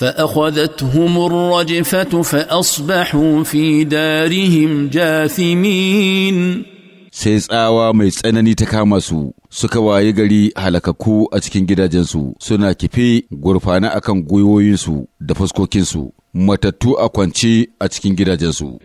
فاخذتهم الرجفه فاصبحوا في دارهم جاثمين sai tsawa mai tsanani ta kama su suka waye gari halakakku a cikin gidajensu suna kife gurfana akan gwiwoyinsu da fuskokinsu matattu a kwance a cikin gidajensu